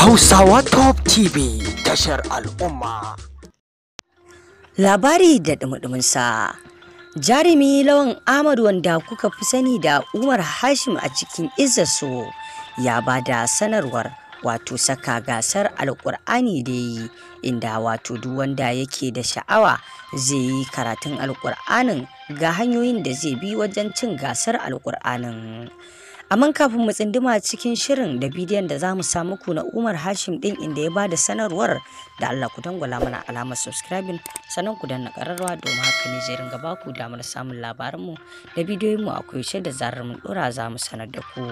Hausawa Top TV tashar al'umma. Labari da sa Jarumi Lawan Ahmad wanda kuka fi sani da Umar Hashim a cikin izaso ya ba da sanarwar wato saka gasar Alƙur'ani da yi inda wato duk wanda yake da sha'awa zai yi karatun alkur'anin ga hanyoyin da zai bi wajen cin gasar alkur'anin. Aman kafin mu tsinduma cikin shirin da bidiyon da za mu samu ku na Umar Hashim din inda ya bada sanarwar da Allah ku dangwala mana alamar subscribing sannan ku danna kararwa domin haka ne zai ringa baku damar samun labaranmu da bidiyoyin mu akwai yaushe da zarar mun dora za sanar da ku.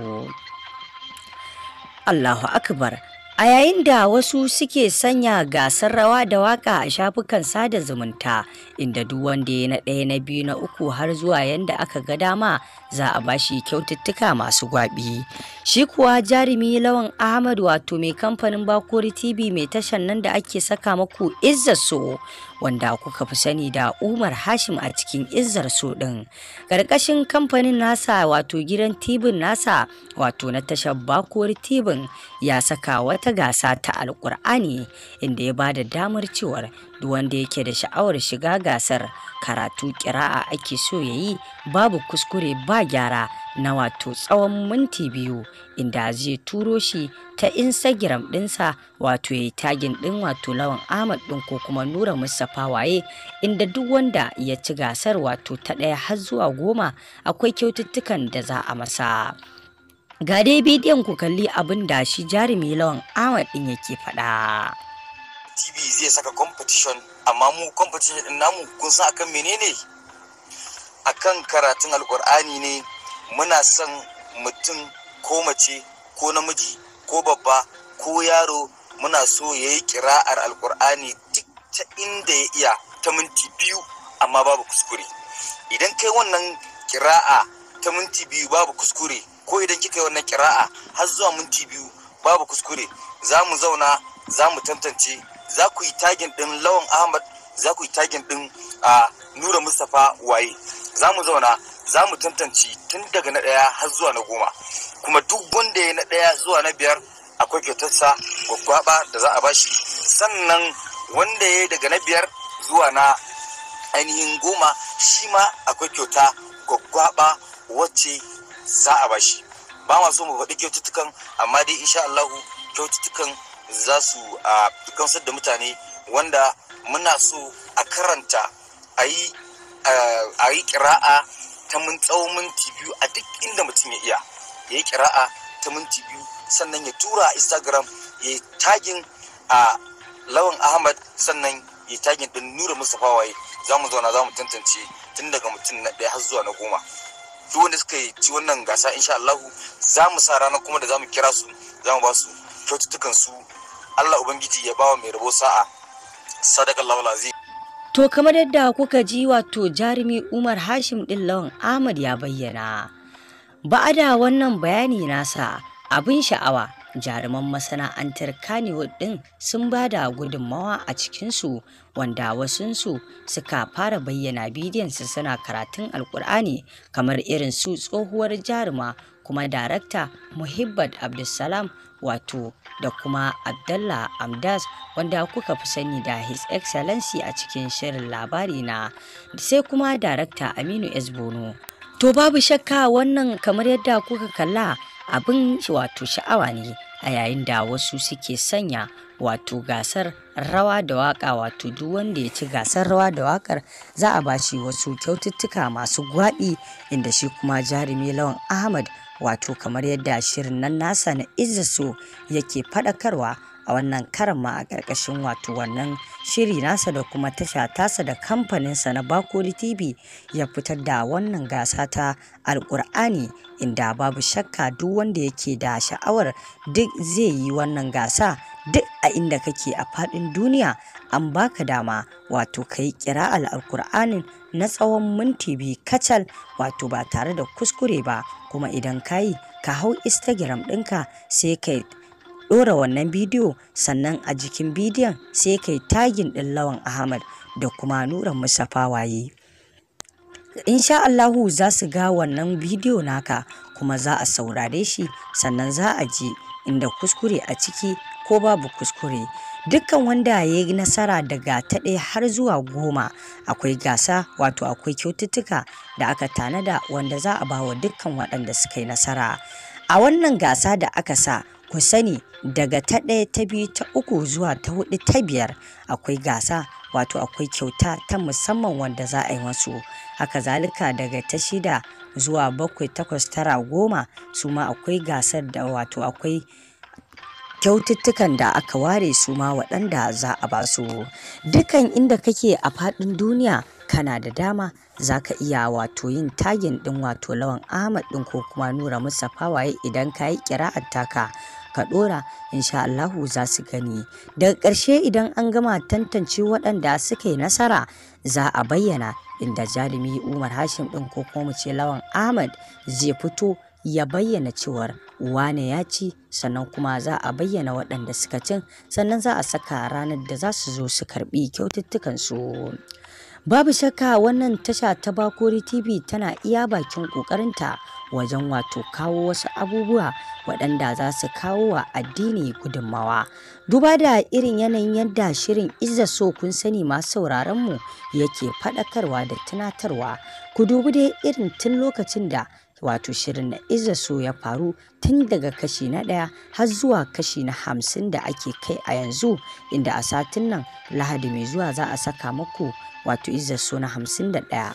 Allahu akbar A yayin da wasu suke sanya gasar rawa da waka a shafukan sada zumunta, inda duk wanda ya na ɗaya na biyu na uku har zuwa yanda aka ga dama za a bashi kyaututtuka masu gwabi shi kuwa jarumi lawan ahmad wato mai kamfanin bakori tv mai tashan nan da ake saka maku izzar so wanda kuka fi sani da umar hashim a cikin izzar so din karkashin kamfanin nasa wato gidan tibin nasa wato na tashar bakori tibin ya saka wata gasa ta alkur'ani inda ya ba da damar cewar duk wanda yake da sha'awar shiga gasar karatu kira'a ake so ya yi babu kuskure ba gyara na wato tsawon minti biyu inda zai turo shi ta instagram dinsa wato ya yi tagin din wato lawan ahmad din ko kuma nura mustapha waye inda duk wanda ya ci gasar wato ta ɗaya har zuwa goma akwai kyaututtukan da za a masa ga dai bidiyon ku kalli abin da shi jarumi lawan ahmad din yake faɗa. tv zai saka competition amma mu competition din namu kun san akan menene akan karatun alkur'ani ne muna son mutum ko mace ko namiji ko babba ko yaro muna so ya yi kira'ar alkur'ani duk ta inda ya iya ta minti biyu amma babu kuskure idan kai wannan kira'a ta minti biyu babu kuskure ko idan kika yi wannan kira'a har zuwa minti biyu babu kuskure za mu zauna za mu tantance za ku yi tagin ɗin lawan ahmad za ku yi tagin ɗin a nura mustapha waye za mu zauna za mu tantance tun daga na ɗaya har zuwa na goma kuma duk wanda ya na ɗaya zuwa na biyar akwai kyautarsa gwaggwaɓa da za a bashi sannan wanda ya daga na biyar zuwa na ainihin goma shi ma akwai kyauta gwaggwaɓa wacce za a bashi ba ma so mu faɗi kyaututtukan amma dai insha'Allahu kyaututtukan za su a gamsar da mutane wanda muna so a karanta a yi kira'a ta mun tsawon minti biyu a duk inda mutum ya iya ya yi kira'a ta minti biyu sannan ya tura a instagram ya yi tagin a lawan ahmad sannan ya yi tagin don nura mustapha waye za mu zauna za mu tantance tun daga mutum na ɗaya har zuwa na goma duk wanda suka yi ci wannan gasa insha Allahu za mu sa ranar kuma da za mu kira su za mu ba su kyaututtukan su Allah ubangiji ya bawa mai rabo sa'a sadakallahu lazim to kamar yadda kuka ji wato jarumi Umar Hashim ɗin lawan Ahmad ya bayyana ba a da wannan bayani nasa abin sha'awa jaruman masana'antar Kannywood ɗin sun ba da gudunmawa a cikinsu wanda wasunsu suka fara bayyana bidiyonsu suna karatun alkur'ani kamar irin su tsohuwar jaruma kuma darakta muhibbat abdulsalam wato da kuma abdallah amdas wanda kuka fi sani da his excellency a cikin shirin labari na sai kuma darakta aminu s bono to babu shakka wannan kamar yadda kuka kalla abin wato sha'awa ne a yayin da wasu suke sanya wato gasar rawa da waka wato duk wanda ya ci gasar rawa da wakar za a bashi wasu kyaututtuka masu gwaɓi inda shi kuma jarumi lawan ahmad wato kamar yadda shirin nan nasa na izaso yake faɗakarwa a wannan karan ma a ƙarƙashin wato wannan shiri nasa da kuma tasha tasa da kamfanin sa na bakori tv ya fitar da wannan gasa ta alkur'ani inda babu shakka duk wanda yake da sha'awar duk zai yi wannan gasa duk a inda kake a fadin duniya an baka dama wato ka yi alkur'ani alkur'anin na tsawon minti biyu kacal wato ba tare da kuskure ba kuma idan kayi ka hau instagram ɗinka sai ka ɗora wannan bidiyo sannan a jikin bidiyon sai kai tagin ɗin lawan Ahmad da kuma Nura Mustapha waye. Insha Allahu za su ga wannan bidiyo naka kuma za a saurare shi sannan za a ji inda kuskure a ciki ko babu kuskure. Dukkan wanda ya yi nasara daga ta ɗaya har zuwa goma akwai gasa wato akwai kyaututtuka da aka tanada wanda za a bawa dukkan waɗanda suka yi nasara. A wannan gasa da aka sa Ku sani daga ta ɗaya ta biyu ta uku zuwa ta hudu ta biyar akwai gasa wato akwai kyauta ta musamman wanda za a yi wasu haka zalika daga ta shida zuwa bakwai takwas tara goma su ma akwai gasar da wato akwai kyaututtukan da aka ware su ma waɗanda za a ba su dukan inda kake a faɗin duniya kana da dama za ka iya wato yin tagin ɗin wato lawan Ahmad ɗin ko kuma Nura musa waye idan ka yi ƙira'ar taka ka ɗora insha Allahu za su gani. Daga ƙarshe idan an gama tantance waɗanda suka yi nasara za a bayyana inda jarumi Umar Hashim ɗin ko kuma mu ce lawan Ahmad zai fito ya bayyana cewar wane ya ci sannan kuma za a bayyana waɗanda suka cin sannan za a saka ranar da za su zo su karɓi su. Babu shakka wannan tasha ta Bakori TV tana iya bakin ƙoƙarinta wajen wato kawo wasu abubuwa waɗanda za su kawo wa addini gudunmawa. Duba da irin yanayin yadda shirin Izza so kun sani masu sauraronmu yake faɗakarwa da tunatarwa. Ku dubi dai irin tun lokacin da wato shirin na iza so ya faru tun daga kashi na ɗaya har zuwa kashi na hamsin da ake kai a yanzu inda a satin nan lahadi mai zuwa za a saka muku wato iza so na hamsin da ɗaya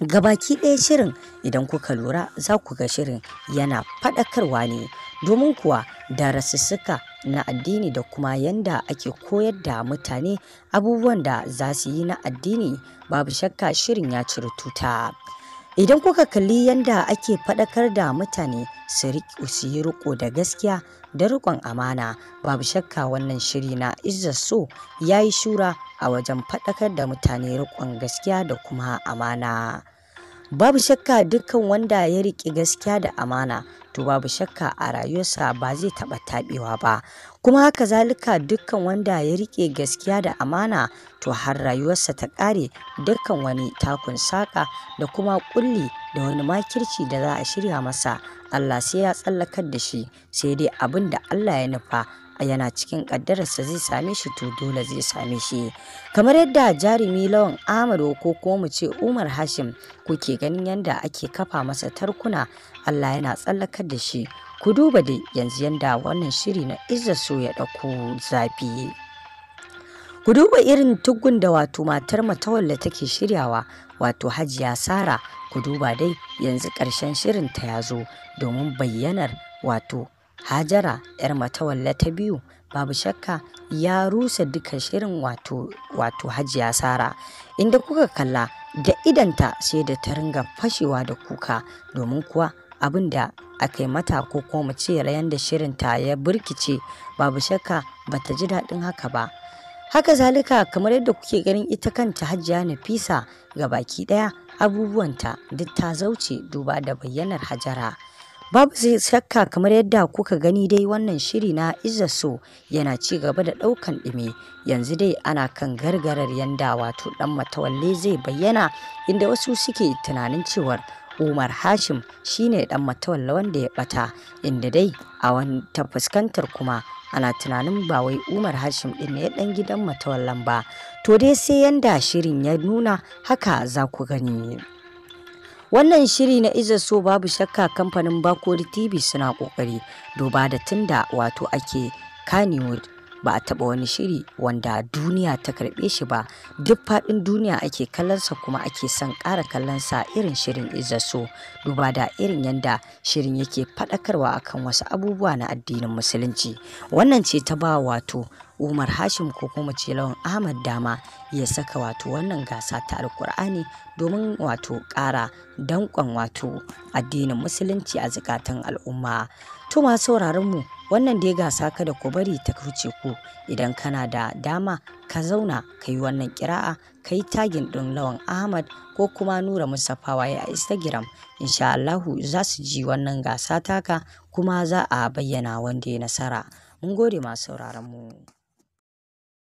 gabaki ɗaya shirin idan kuka lura za ku ga shirin yana faɗakarwa ne domin kuwa da rasussuka na addini da kuma yanda ake koyar da mutane abubuwan da za su yi na addini babu shakka shirin ya ciri tuta. Idan kuka kalli yanda ake faɗakar da mutane su yi riko da gaskiya da riƙon amana, babu shakka wannan shiri na Izza So ya yi shura a wajen faɗakar da mutane riƙon gaskiya da kuma amana. babu shakka dukkan wanda ya riƙe gaskiya da amana to babu shakka a rayuwarsa ba zai taɓa taɓewa ba kuma haka zalika dukkan wanda ya riƙe gaskiya da amana to har rayuwarsa ta ƙare dukkan wani takun saƙa da kuma ƙulli da wani makirci da za a shirya masa Allah sai ya tsallakar da shi sai dai abin da Allah ya nufa yana cikin kaddararsa zai same shi to dole zai same shi kamar yadda jarumi lawan amado ko kuma mu ce umar hashim kuke ganin yadda ake kafa masa tarkuna allah yana tsallakar da shi ku duba dai yanzu yadda wannan shiri na izza so ya ɗauko zafi ku duba irin tugun da wato matar matawalla take shiryawa wato hajiya sara ku duba dai yanzu ƙarshen shirin ta ya zo domin bayyanar wato Hajara 'yar Matawalla ta biyu, babu shakka ya rusa duka shirin wato Hajiya Sara, inda kuka kalla da idonta sai da ta ringa fashewa da kuka domin kuwa abin da aka yi mata ko kuma mu ce shirin shirinta ya birkice babu shakka ba ta ji daɗin haka ba. Haka zalika kamar yadda kuke ganin ita kanta Hajiya Nafisa ga baki ɗaya abubuwanta duk ta zauce duba da bayyanar Hajara. Babu shakka kamar yadda kuka gani dai wannan shiri na so yana ci gaba da ɗaukan ɗumi yanzu dai ana kan gargarar yanda wato ɗan matawalle zai bayyana inda wasu suke tunanin cewar Umar Hashim shine ɗan matawalle wanda ya ɓata inda dai a wata fuskantar kuma ana tunanin ba wai Umar Hashim ɗin ne ɗan gidan matawallan ba to dai sai yanda shirin ya nuna haka za ku gani. Wannan shiri na iza so babu shakka kamfanin Bakori TV suna kokari duba da tunda wato ake Kannywood ba a taɓa wani shiri wanda duniya ta karɓe shi ba duk faɗin duniya ake kallonsa kuma ake son ƙara kallonsa irin shirin izaso duba da irin yanda shirin yake faɗakarwa akan wasu abubuwa na addinin musulunci wannan ce ta ba wato umar hashim ko kuma ce lawan ahmad dama ya saka wato wannan gasa ta alkur'ani domin wato ƙara danƙon wato addinin musulunci a zukatan al'umma to ma sauraron mu wannan dai gasa da ku bari ta kurce ku idan kana da dama ka zauna ka yi wannan kira'a ka yi tagin ɗin lawan ahmad ko kuma nura musafawa ya instagram insha allahu za su ji wannan gasa taka kuma za a bayyana wanda ya nasara mun gode masu sauraron mu